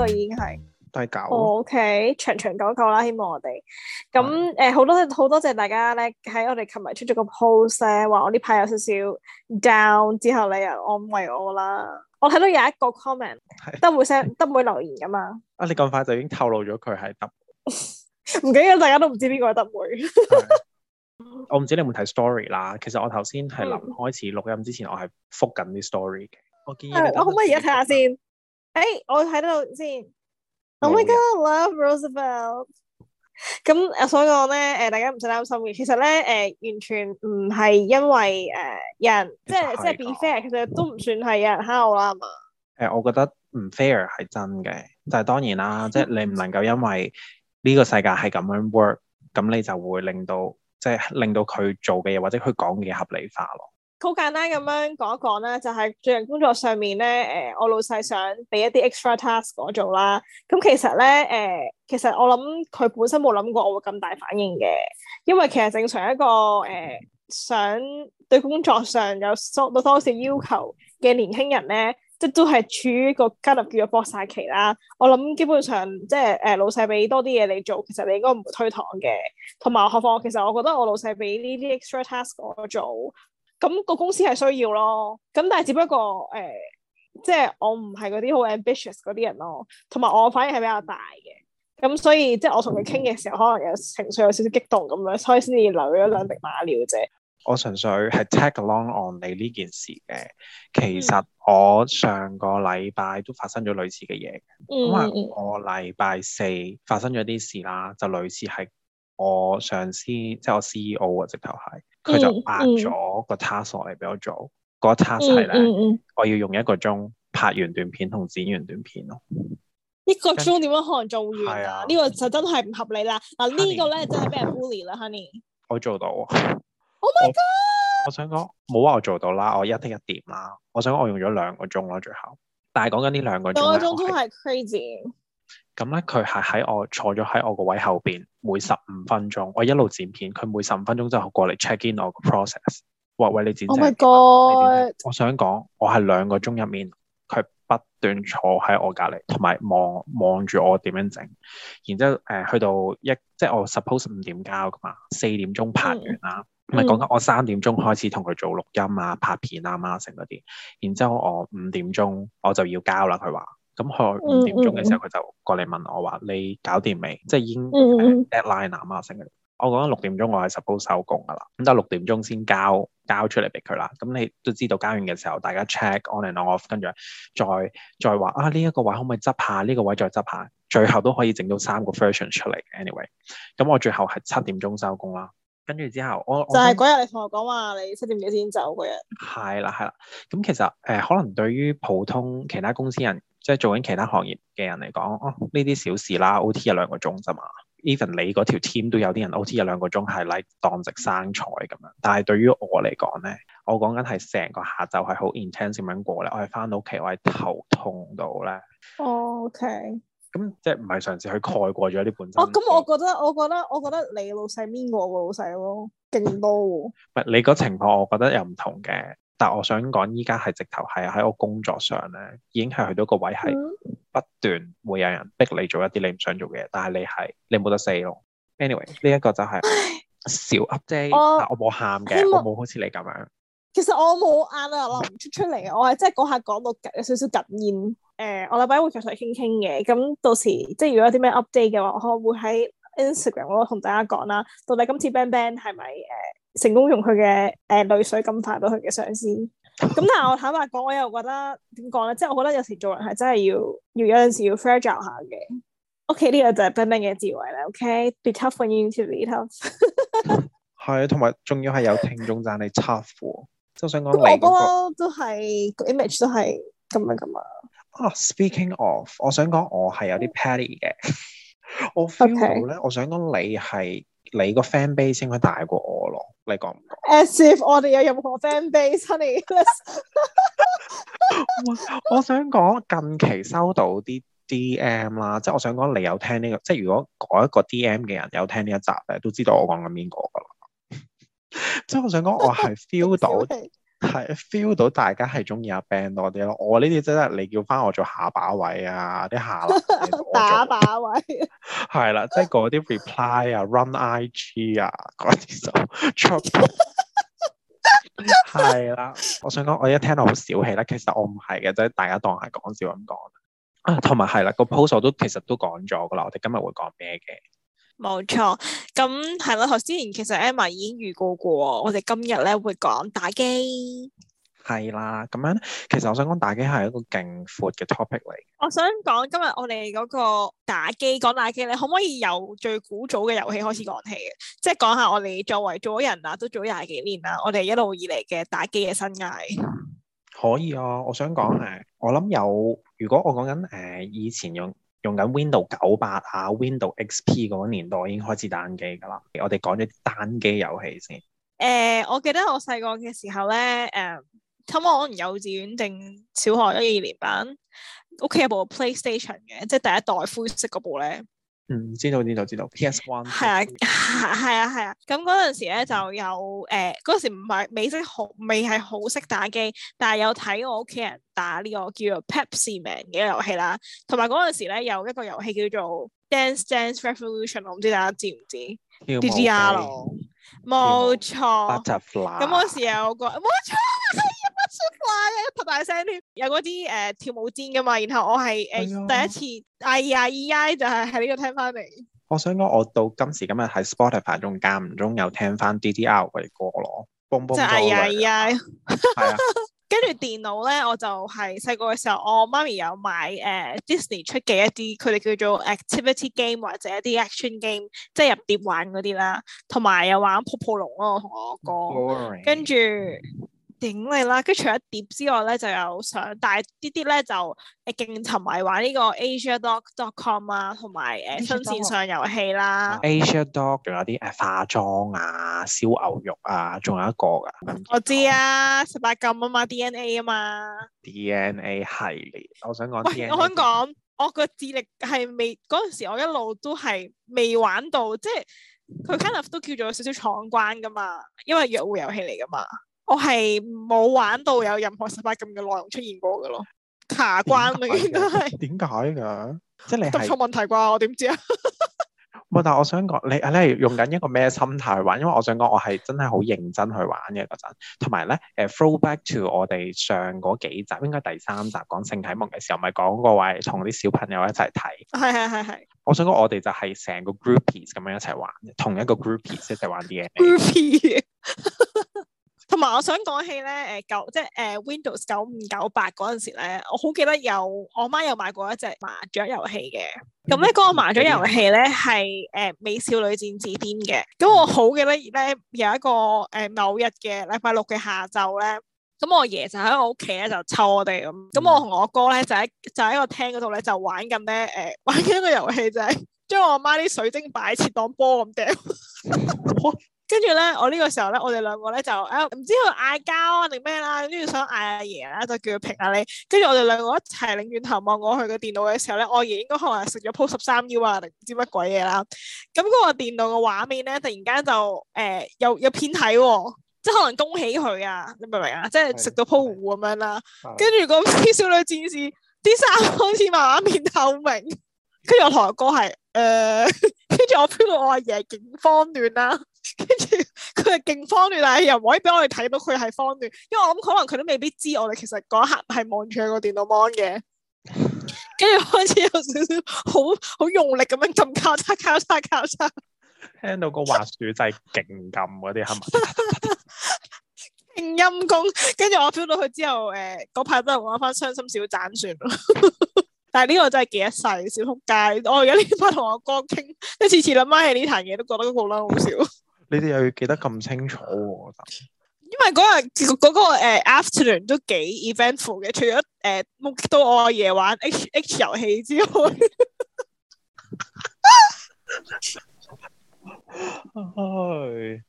都已經係第九。哦、o、okay. K，長長久久啦，希望我哋咁誒，好、嗯呃、多好多謝大家咧，喺我哋琴日出咗個 post，話我呢排有少少 down，之後你又安慰我啦。我睇到有一個 comment，係得梅 send 是得梅留言噶嘛。啊， 你咁快就已經透露咗佢係得唔記得，大家都唔知邊個係得梅。我唔知你有冇睇 story 啦。其實我頭先係臨開始錄音之前，我係覆緊啲 story 嘅。我建議，可唔、嗯、可以而家睇下先？誒，hey, 我喺度先。Oh my god，I love Roosevelt。咁誒，所以講咧，誒、呃，大家唔使擔心嘅。其實咧，誒、呃，完全唔係因為誒、呃，人即係即係 be fair，其實都唔算係有人蝦我啦嘛。誒、呃，我覺得唔 fair 係真嘅，但係當然啦， 即係你唔能夠因為呢個世界係咁樣 work，咁你就會令到即係令到佢做嘅嘢或者佢講嘅嘢合理化咯。好簡單咁樣講一講啦，就係最近工作上面咧，誒我老細想俾一啲 extra task 我做啦。咁其實咧，誒、呃、其實我諗佢本身冇諗過我會咁大反應嘅，因為其實正常一個誒、呃、想對工作上有多少少要求嘅年輕人咧，即都係處於個加入叫咗搏晒期啦。我諗基本上即係誒、呃、老細俾多啲嘢你做，其實你應該唔會推搪嘅。同埋何況，其實我覺得我老細俾呢啲 extra task 我做。咁個公司係需要咯，咁但係只不過誒、欸，即係我唔係嗰啲好 ambitious 嗰啲人咯，同埋我反應係比較大嘅，咁、嗯、所以即係我同佢傾嘅時候，可能有情緒有少少激動咁樣，所以先至流咗兩滴馬尿啫。我純粹係 tag along on 你呢件事嘅，其實我上個禮拜都發生咗類似嘅嘢，咁啊、嗯，我禮拜四發生咗啲事啦，就類似係我上司，即係我 CEO 啊，直頭係。佢、嗯、就壓咗個 task 嚟俾我做，嗰、嗯、個 task 係咧，嗯嗯、我要用一個鐘拍完段片同剪完段片咯。一個鐘點樣可能做完啊？呢、嗯、個就真係唔合理啦！嗱、啊，啊呢個、呢個咧 honey, 真係俾人 bully 啦，Honey。我做到。Oh my god！我,我想講冇話我做到啦，我一滴一點啦。我想講我用咗兩個鐘咯，最後。但係講緊呢兩個鐘咧。兩個鐘都係 crazy。咁咧，佢係喺我坐咗喺我個位後邊，每十五分鐘我一路剪片，佢每十五分鐘之後過嚟 check in 我個 process，話：喂，你剪，剪？唔、oh、我想講，我係兩個鐘入面，佢不斷坐喺我隔離，同埋望望住我點樣整。然之後誒、呃，去到一即係我 suppose 五點交㗎嘛，四點鐘拍完啦，咪講緊我三點鐘開始同佢做錄音啊、拍片啊、masking 嗰啲。然之後我五點鐘我就要交啦，佢話。咁去五點鐘嘅時候，佢就過嚟問我話：說你，說你搞掂未？即係已經 deadline 啱嘛，剩我講六點鐘，我係 suppose 收工噶啦。咁就六點鐘先交交出嚟俾佢啦。咁你都知道交完嘅時候，大家 check on and off，跟住再再話啊呢一、這個位可唔可以執下？呢、這個位再執下，最後都可以整到三個 version 出嚟。Anyway，咁我最後係七點鐘收工啦。跟住之後我，就我就係嗰日你同我講話，你七點幾先走嗰日。係啦，係啦。咁其實誒，可能對於普通其他公司人。即係做緊其他行業嘅人嚟講，哦呢啲小事啦，O.T. 一兩個鐘咋嘛？Even 你嗰條 team 都有啲人 O.T. 一兩個鐘係 like 當值生菜咁樣，但係對於我嚟講咧，我講緊係成個下晝係好 intense 咁樣過咧。我係返到屋企，我係頭痛到咧。OK 咁即係唔係嘗試去蓋過咗呢本身？哦，oh，咁我覺得，我覺得，我覺得你老細面過我老細咯，勁多。唔係你個情況，我覺得又唔同嘅。但係我想講，依家係直頭係喺我工作上咧，已經係去到個位係不斷會有人逼你做一啲你唔想做嘅嘢，嗯、但係你係你冇得 say 咯。Anyway，呢一個就係少 update，唉但我冇喊嘅，唉我冇好似你咁樣。其實我冇眼啊，流唔出出嚟啊，我係即係嗰下講到有少少哽咽，誒、呃，我禮拜會再傾傾嘅。咁到時即係如果有啲咩 update 嘅話，我可能會喺 Instagram 我同大家講啦。到底今次 BENBEN 係咪誒？呃成功用佢嘅誒淚水感染到佢嘅上司，咁但係我坦白講，我又覺得點講咧？即係我覺得有時做人係真係要要有陣時要 fragile 下嘅。O.K. 呢個就係 Benben 嘅智慧啦。O.K. Be tough when you need to be tough 嗯。係，同埋仲要係有，有聽眾讚你 tough。即係 想講，那個、 都係個 image 都係咁樣咁啊。啊、oh，Speaking of，我想講我係有啲 petty 嘅。 我 feel 到咧，我想講你係你個 fan base 應該大過我咯。你講唔講，as if 我哋有任何 fan base，honey。 我想講近期收到啲 DM 啦，即、就、係、是、我想講你有聽呢、這個，即、就、係、是、如果嗰一個 DM 嘅人有聽呢一集咧，都知道我講緊邊個㗎喇。即 係我想講，我係 feel 到。 係 feel 到大家係中意阿 Ben 多啲咯，我呢啲真係你叫翻我做下把位啊，啲下把位 打把位係啦， 即係嗰啲 reply 啊，run IG 啊，嗰啲就出係啦。我想講我一聽到好小氣咧，其實我唔係嘅，即係大家當係講笑咁講啊。同埋係啦，個 post 都其實都講咗噶啦，我哋今日會講咩嘅？冇錯，咁係咯。頭先其實 Emma 已經預告過，我哋今日咧會講打機。係啦，咁樣其實我想講打機係一個勁闊嘅 topic 嚟嘅。我想講今日我哋嗰個打機講打機，你可唔可以由最古早嘅遊戲開始講起嘅？即係講下我哋作為咗人啦，都做咗廿幾年啦，我哋一路以嚟嘅打機嘅生涯，嗯。可以啊，我想講係，我諗有，如果我講緊誒以前用。用緊 Window 九八啊，Window XP 嗰個年代已經開始單機㗎啦。我哋講咗單機遊戲先。誒、呃，我記得我細個嘅時候咧，誒、嗯，差唔多可能幼稚園定小學一二年班，屋企有部 PlayStation 嘅，即係第一代灰色嗰部咧。嗯，知道知道知道。PS One 係啊係啊係啊，咁嗰陣時咧就有誒，嗰、呃、陣時唔係未識好，未好未係好識打機，但係有睇我屋企人打呢個叫做 Pepsi Man 嘅遊戲啦，同埋嗰陣時咧有一個遊戲叫做 Dance Dance Revolution，我唔知大家知唔知？D.D.R. 咯，冇錯跳舞。咁嗰時有我個冇錯。跟住有嗰啲誒跳舞氈噶嘛，然後我係誒、呃哎、呀第一次 i i i 就係喺呢個聽翻嚟。我想講，我到今時今日喺 Spotify 仲間唔中有聽翻 DDR 嗰啲歌咯，嘣嘣即係 i i i 跟住電腦咧，我就係細個嘅時候，我媽咪有買誒、呃、Disney 出嘅一啲，佢哋叫做 activity game 或者一啲 action game，即係入碟玩嗰啲啦，同埋有又玩泡泡龍咯，同我哥。跟住 Bl oring.。頂你啦！跟住除咗碟之外咧，就有上，但係啲啲咧就誒勁沉迷玩呢個 AsiaDoc.com 啊，同埋誒新線上遊戲啦。AsiaDoc 仲有啲誒化妝啊、燒牛肉啊，仲有一個噶。嗯、我知啊，十八、嗯、禁啊嘛，DNA 啊嘛。DNA 系列，我想講，我想講，我個智力係未嗰陣時，我一路都係未玩到，即係佢 kind of 都叫做有少少闖關噶嘛，因為約會遊戲嚟噶嘛。我係冇玩到有任何十八禁嘅內容出現過噶咯，卡關你應該係。點解噶？即係你答錯問題啩？我點知啊？冇， 但係我想講你係你係用緊一個咩心態去玩？因為我想講我係真係好認真去玩嘅嗰陣。同埋咧，誒，throwback to 我哋上嗰幾集，應該第三集講性啟蒙嘅時候，咪講過話同啲小朋友一齊睇。係係係係。我想講我哋就係成個 groupies 咁樣一齊玩，同一個 groupies 一齊玩啲嘢。 同埋我想講起咧，誒、呃、九即係誒、呃、Windows 九五九八嗰陣時咧，我好記得有我媽有買過一隻麻雀遊戲嘅。咁咧，嗰個麻雀遊戲咧係誒美少女戰士編嘅。咁我好記得咧，有一個誒、呃、某日嘅禮拜六嘅下晝咧，咁我爺爺就喺我屋企咧就抽我哋咁，咁我同我哥咧就喺就喺個廳嗰度咧就玩緊咧誒玩緊一個遊戲，就係將我媽啲水晶擺設當波咁掟。 跟住咧，我呢個時候咧，我哋兩個咧就誒，唔、啊、知佢嗌交啊，定咩啦，跟住想嗌阿爺啦，就叫佢評下你。跟住我哋兩個一齊擰轉頭望過去個電腦嘅時候咧，我爺應該可能食咗鋪十三幺啊，定唔知乜鬼嘢啦。咁嗰個電腦嘅畫面咧，突然間就誒、呃，有有片睇，哦，即係可能恭喜佢啊！你明唔、嗯、明、呃、啊？即係食到鋪糊五咁樣啦。跟住嗰少女戰士啲衫開始慢慢變透明，跟住我同我哥係誒，跟住我 feel 到我阿爺勁慌亂啦。跟住佢係勁慌亂，但係又唔可以俾我哋睇到佢係慌亂，因為我諗可能佢都未必知我哋其實嗰一刻係望住個電腦 mon 嘅。跟住開始有少少好好用力咁樣撳交叉、交叉、交叉，聽到個滑鼠勁撳嗰啲黑文，勁陰功。跟住我 feel 到佢之後，誒嗰排都係玩翻傷心小棧算啦。 但係呢個真係記一世小撲街。我而家呢排同我哥傾，一次次諗翻起呢壇嘢，都覺得好捻好笑。 你哋又要記得咁清楚喎、哦？因為嗰日嗰、那個誒、那個呃、Afternoon 都幾 eventful 嘅，除咗誒目擊到我阿爺玩 H H 遊戲之外，係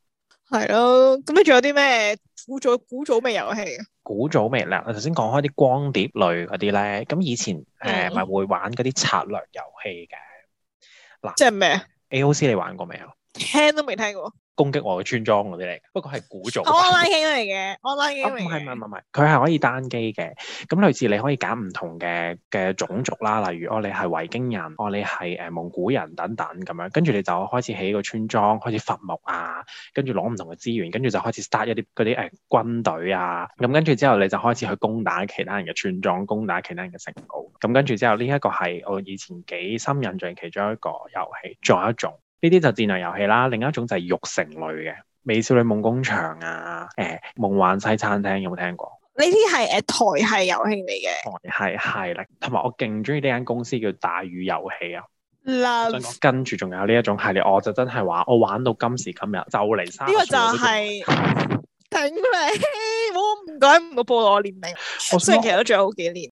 係咯，咁你仲有啲咩古早古早咩遊戲啊？古早咩啦？我頭先講開啲光碟類嗰啲咧，咁以前誒咪、呃嗯、會玩嗰啲策略遊戲嘅，嗱，即係咩？AOC 你玩過未啊？聽都未聽過。攻擊我嘅村莊嗰啲嚟嘅，不過係古早。安拉機嚟嘅，安拉嚟。唔係唔係唔係，佢係可以單機嘅。咁類似你可以揀唔同嘅嘅種族啦，例如哦，你係維京人，哦你係誒蒙古人等等咁樣，跟住你就開始起個村莊，開始伐木啊，跟住攞唔同嘅資源，跟住就開始 start 一啲嗰啲誒軍隊啊，咁跟住之後你就開始去攻打其他人嘅村莊，攻打其他人嘅城堡。咁跟住之後呢一個係我以前幾深印象其中一個遊戲，仲有一種。呢啲就戰略遊戲啦，另一種就係育成類嘅《美少女夢工場》啊，誒、欸《夢幻西餐廳》有冇聽過？呢啲係誒台系遊戲嚟嘅，台系系列。同埋我勁鍾意呢間公司叫大宇遊戲啊。Love. 跟住仲有呢一種系列，我就真係話我玩到今時今日就嚟三。呢個就係、是、頂後你！報我唔敢唔播我年齡，雖然其實都仲有好幾年。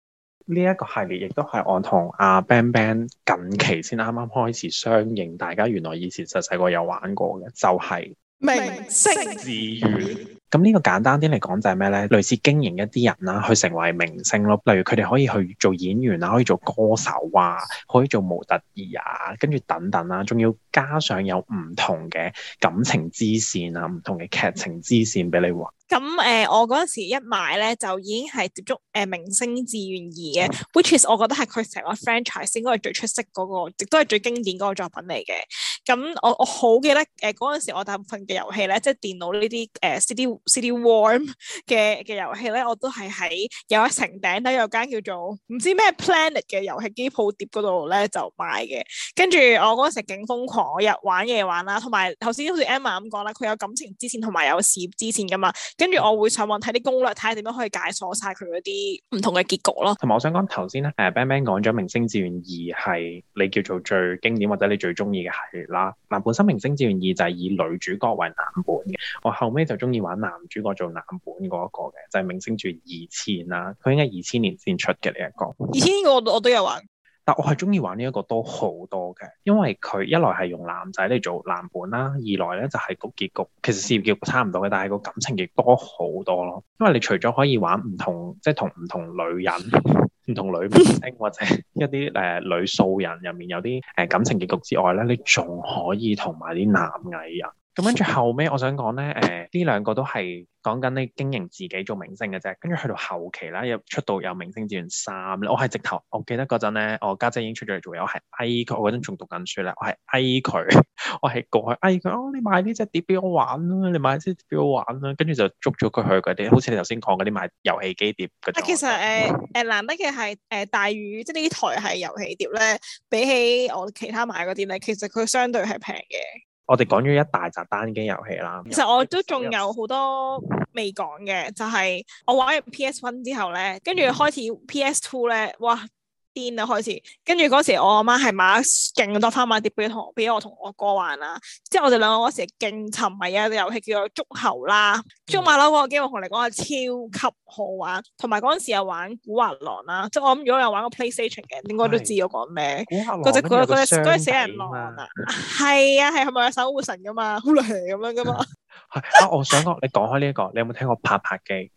呢一個系列亦都係我同阿 b a n b a n 近期先啱啱開始相應，大家原來以前細細個有玩過嘅，就係、是、明星志願願。咁呢、嗯、個簡單啲嚟講就係咩咧？類似經營一啲人啦，去成為明星咯。例如佢哋可以去做演員啊，可以做歌手啊，可以做模特兒啊，跟住等等啦。仲要加上有唔同嘅感情之線啊，唔同嘅劇情之線俾你玩。咁誒、呃，我嗰陣時一買咧，就已經係接觸誒、呃《明星志願二》嘅 ，which is 我覺得係佢成個 franchise 應該係最出色嗰、那個，都係最經典嗰個作品嚟嘅。咁我我好記得誒嗰陣時，我大部分嘅遊戲咧，即係電腦呢啲誒 City City War 嘅嘅遊戲咧，我都係喺有一層頂底有間叫做唔知咩 Planet 嘅遊戲機鋪碟嗰度咧就買嘅。跟住我嗰陣時勁瘋狂，我日玩夜玩啦。同埋頭先好似 Emma 咁講啦，佢有感情支線同埋有事業支線噶嘛。跟住我會上網睇啲攻略，睇下點樣可以解鎖晒佢嗰啲唔同嘅結局咯。同埋我想講頭先咧，誒 Ben Ben 講咗《明星志願二》係你叫做最經典或者你最中意嘅系列啦。嗱，本身《明星志願二》就係以女主角為藍本嘅，我後尾就中意玩男主角做藍本嗰一個嘅，就係、是《明星志願二千》啦。佢應該二千年先出嘅呢、這個、一個。二千我我都有玩。我係中意玩呢一個多好多嘅，因為佢一來係用男仔嚟做藍本啦，二來咧就係個結局，其實事業結局差唔多嘅，但係個感情亦多好多咯。因為你除咗可以玩唔同，即係同唔同女人、唔 同女明星或者一啲誒、呃、女素人入面有啲誒感情結局之外咧，你仲可以同埋啲男藝人。咁跟住後尾我想講咧，誒、呃，呢兩個都係講緊你經營自己做明星嘅啫。跟住去到後期啦，又出道有明星志願三咧，我係直頭，我記得嗰陣咧，我家姐，姐已經出咗嚟做嘢，我係嗌佢，我嗰陣仲讀緊書啦，我係嗌佢，我係過去嗌佢，哦，你買呢隻碟俾我玩啦，你買呢隻俾我玩啦，跟住就捉咗佢去嗰啲，好似你頭先講嗰啲買遊戲機碟嗰。其實誒誒，呃、 難得嘅係誒大宇，即係呢啲台係遊戲碟咧，比起我其他買嗰啲咧，其實佢相對係平嘅。我哋講咗一大集單機遊戲啦，其實我都仲有好多未講嘅，就係、是、我玩完 PS One 之後咧，跟住開始 PS Two 咧，哇！癲啊！開始，跟住嗰時我阿媽係買勁多翻買碟俾同俾我同我，我哥玩即我啦。之後、嗯那個、我哋兩個嗰時勁沉迷啊，一個遊戲叫做足球啦，捉馬騮嗰個機我同你講係超級好玩。同埋嗰時又玩古惑狼啦，即係我諗如果你有玩過 PlayStation 嘅，是應該都知我講咩。嗰隻隻隻死人狼啊，係啊係，係咪有守護神噶嘛，好嚟咁樣噶嘛。係啊，我想講你講開呢一個，你有冇聽過拍拍機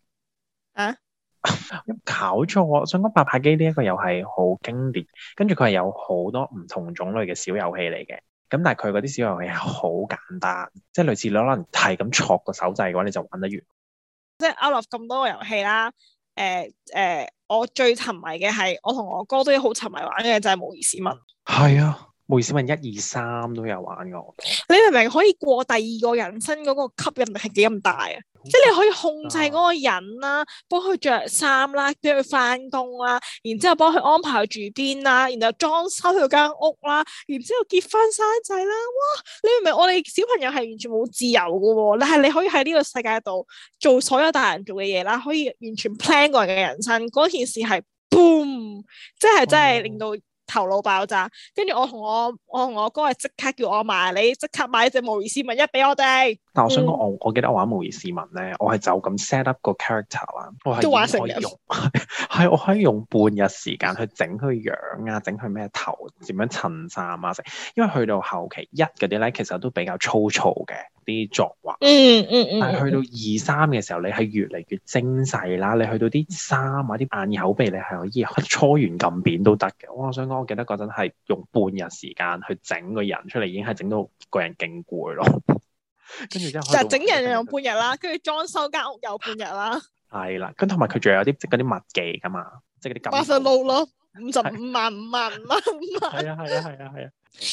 啊？一 搞錯，我想講八拍機呢一個又係好經典，跟住佢係有好多唔同種類嘅小遊戲嚟嘅，咁但係佢嗰啲小遊戲係好簡單，即係類似攞攞嚟係咁坐個手掣嘅話，你就玩得完。即係 out 咁多個遊戲啦，誒、呃、誒、呃，我最沉迷嘅係我同我哥都好沉迷玩嘅就係《模擬市民》。係啊，《模擬市民》一二三都有玩過。你明唔明可以過第二個人生嗰個吸引力係幾咁大啊？即係你可以控制嗰個人啦，幫佢着衫啦，俾佢翻工啦，然之後幫佢安排住邊啦，然後裝修佢間屋啦，然之後結婚生仔啦，哇！你明唔明？我哋小朋友係完全冇自由噶、哦，但係你可以喺呢個世界度做所有大人做嘅嘢啦，可以完全 plan 個人嘅人生，嗰件事係 boom，即係真係令到。頭腦爆炸，跟住我同我我同我哥係即刻叫我買我，你即刻買隻模擬市民一俾我哋。但我想講，嗯、我我記得我玩模擬市民咧，我係就咁 set up 個 character 啦，我係成以，以用係 我可以用半日時間去整佢樣啊，整佢咩頭，點樣襯衫啊，因為去到後期一嗰啲咧，其實都比較粗糙嘅啲作畫。嗯嗯嗯。嗯嗯但係去到二三嘅時候，你係越嚟越精細啦。你去到啲衫啊、啲眼口鼻，你係可以搓完咁扁都得嘅。我想講。我記得嗰陣係用半日時間去整個人出嚟，已經係整到個人勁攰咯。 跟住即係，就整人用半日啦、啊，跟住裝修間屋又半日啦、啊。係啦， 咁同埋佢仲有啲即嗰啲物技噶嘛，即係嗰啲八十 load 咯， 五十五萬五萬蚊。係啊，係啊，係啊，係啊。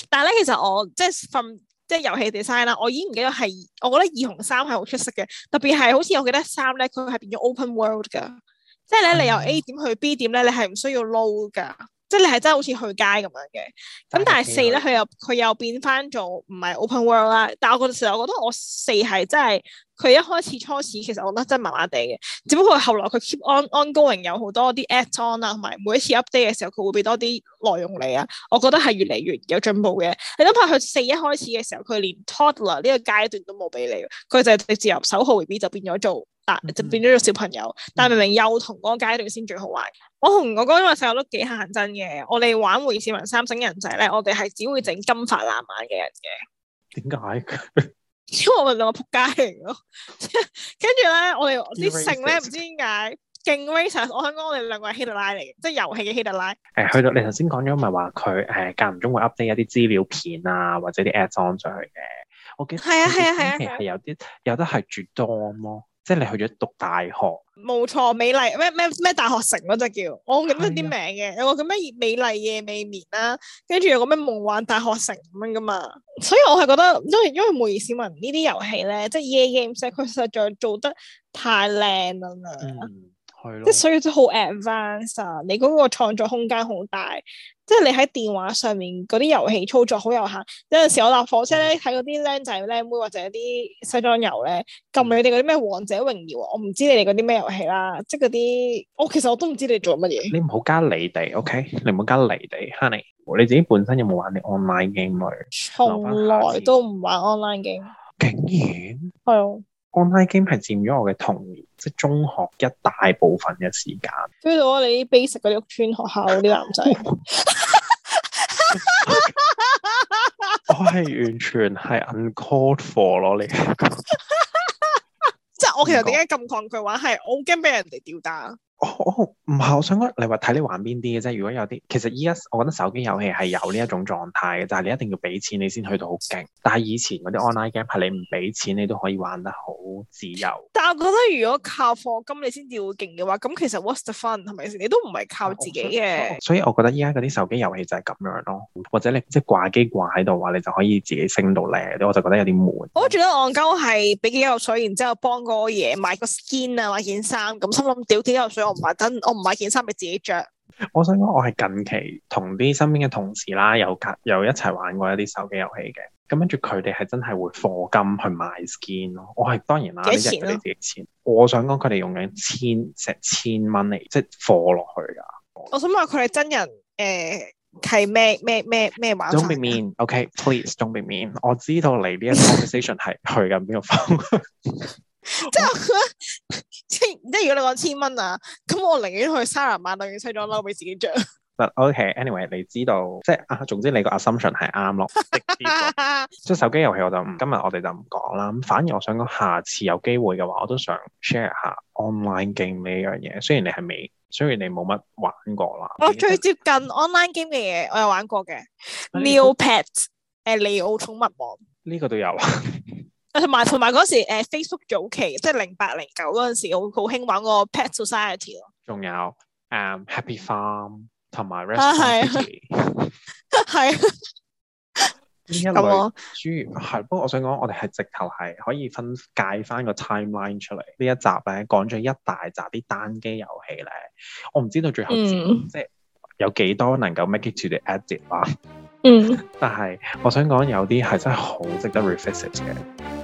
但係咧，其實我即係訓即係遊戲 design 啦，我已經唔記得係，我覺得二紅三係好出色嘅，特別係好似我記得三咧，佢係變咗 open world 噶，即係咧你由 A 點去 B 點咧，你係唔需要 load 噶。即係你係真係好似去街咁樣嘅，咁但係四咧佢又佢又變翻做唔係 open world 啦。但係我嗰陣時，我覺得我四係真係佢一開始初始，其實我覺得真係麻麻地嘅，只不過後來佢 keep on ongoing 有好多啲 add on 啊，同埋每一次 update 嘅時候佢會俾多啲內容你啊，我覺得係越嚟越有進步嘅。你諗下佢四一開始嘅時候，佢連 toddler 呢個階段都冇俾你，佢就直接由手號 baby 就變咗做。就變咗個小朋友，但係明明幼童嗰個階段先最好玩。我同我哥,哥因為細我都幾行真嘅，我哋玩《回市民三星人仔》咧，我哋係只會整金髮藍眼嘅人嘅。點解 因為我咪兩個撲街型咯，跟住咧我哋啲性咧唔知點解勁 racial 我想講我哋兩個係希特拉嚟嘅，即係遊戲嘅希特拉。誒，去到你頭先講咗咪話佢誒間唔中會 update 一啲資料片啊，或者啲 add on 上去嘅。我記得係啊係啊係啊，係有啲、啊啊、有得係絕多咯。即係你去咗讀大學，冇錯，美麗咩咩咩大學城咯，就叫，我好記得啲名嘅，的有個叫咩《美麗夜未眠》啦，跟住有個咩《夢幻大學城》咁樣噶嘛，所以我係覺得，因為因為《模擬市民》呢啲遊戲咧，即係《夜 game》佢實在做得太靚啦。嗯.即係所以都好 advanced 啊！你嗰個創作空間好大，即係你喺電話上面嗰啲遊戲操作好有限。有陣時我搭火車咧睇，嗰啲靚仔靚妹或者啲西裝游咧，撳你哋嗰啲咩王者榮耀，我唔知你哋嗰啲咩遊戲啦，即係嗰啲我其實我都唔知你做乜嘢。你唔好加你哋，OK？你唔好加你哋，Honey，你自己本身有冇玩啲 online game 啊？從來都唔玩 online game。竟然係。online game 係佔咗我嘅童年，即係中學一大部分嘅時間。追到我哋啲 base 嗰啲屋村學校嗰啲男仔，我係完全係 uncalled for 咯，你。即係我其實點解咁抗拒玩，係我驚俾人哋吊打。我唔係，我想講你話睇你玩邊啲嘅啫。如果有啲，其實依、yes, 家我覺得手機遊戲係有呢一種狀態嘅，就係你一定要俾錢你先去到好勁。但係以前嗰啲 online game 係你唔俾錢你都可以玩得好自由。但係我覺得如果靠課金你先至會勁嘅話，咁其實 what's the fun 係咪先？你都唔係靠自己嘅。Oh, so, oh, 所以我覺得依家嗰啲手機遊戲就係咁樣咯，或者你即係掛機掛喺度嘅話，你就可以自己升到靚，我就覺得有啲悶。好，我覺得戇鳩係俾幾多水，然之後幫個嘢買個 skin 啊，買件衫，咁心諗屌幾多水。我唔係等，我唔買件衫俾自己着。我想講，我係近期同啲身邊嘅同事啦，有夾有一齊玩過一啲手機遊戲嘅。咁跟住佢哋係真係會課金去買 skin 咯。我係當然啦，佢哋自己錢？我想講佢哋用緊千成千蚊嚟，即係貨落去噶。我想問佢哋真人誒係咩咩咩咩玩法？Don't be mean，OK，please，Don't be mean。我知道嚟呢一 conversation 係去緊邊個方向 。即係，即係如果你講千蚊啊，咁我寧願去三十萬蚊，寧願西裝褸俾自己着。但 OK，anyway，你知道，即係啊，總之你個 assumption 係啱咯。 即係手機遊戲，我就唔，今日我哋就唔講啦。咁反而我想講，下次有機會嘅話，我都想 share 下 online game 呢樣嘢。雖然你係未，雖然你冇乜玩過啦。我、啊、最接近 online game 嘅嘢，我有玩過嘅。New Pets，誒，利奧寵物王呢個都有，啊。同埋同埋嗰時，誒，Facebook 早期，即係零八零九嗰陣時，好好興玩個 Pet Society 咯。仲有誒、um, Happy Farm，同埋 Rest。啊，係啊，係 啊。呢一類主係，不過 我，我想講，我哋係直頭係可以分解翻個 Timeline 出嚟。呢一集咧講咗一大集啲單機遊戲咧，我唔知道最後即係、嗯、有幾多能夠 make it to the edit 啊。嗯。但係我想講，有啲係真係好值得 revisit 嘅。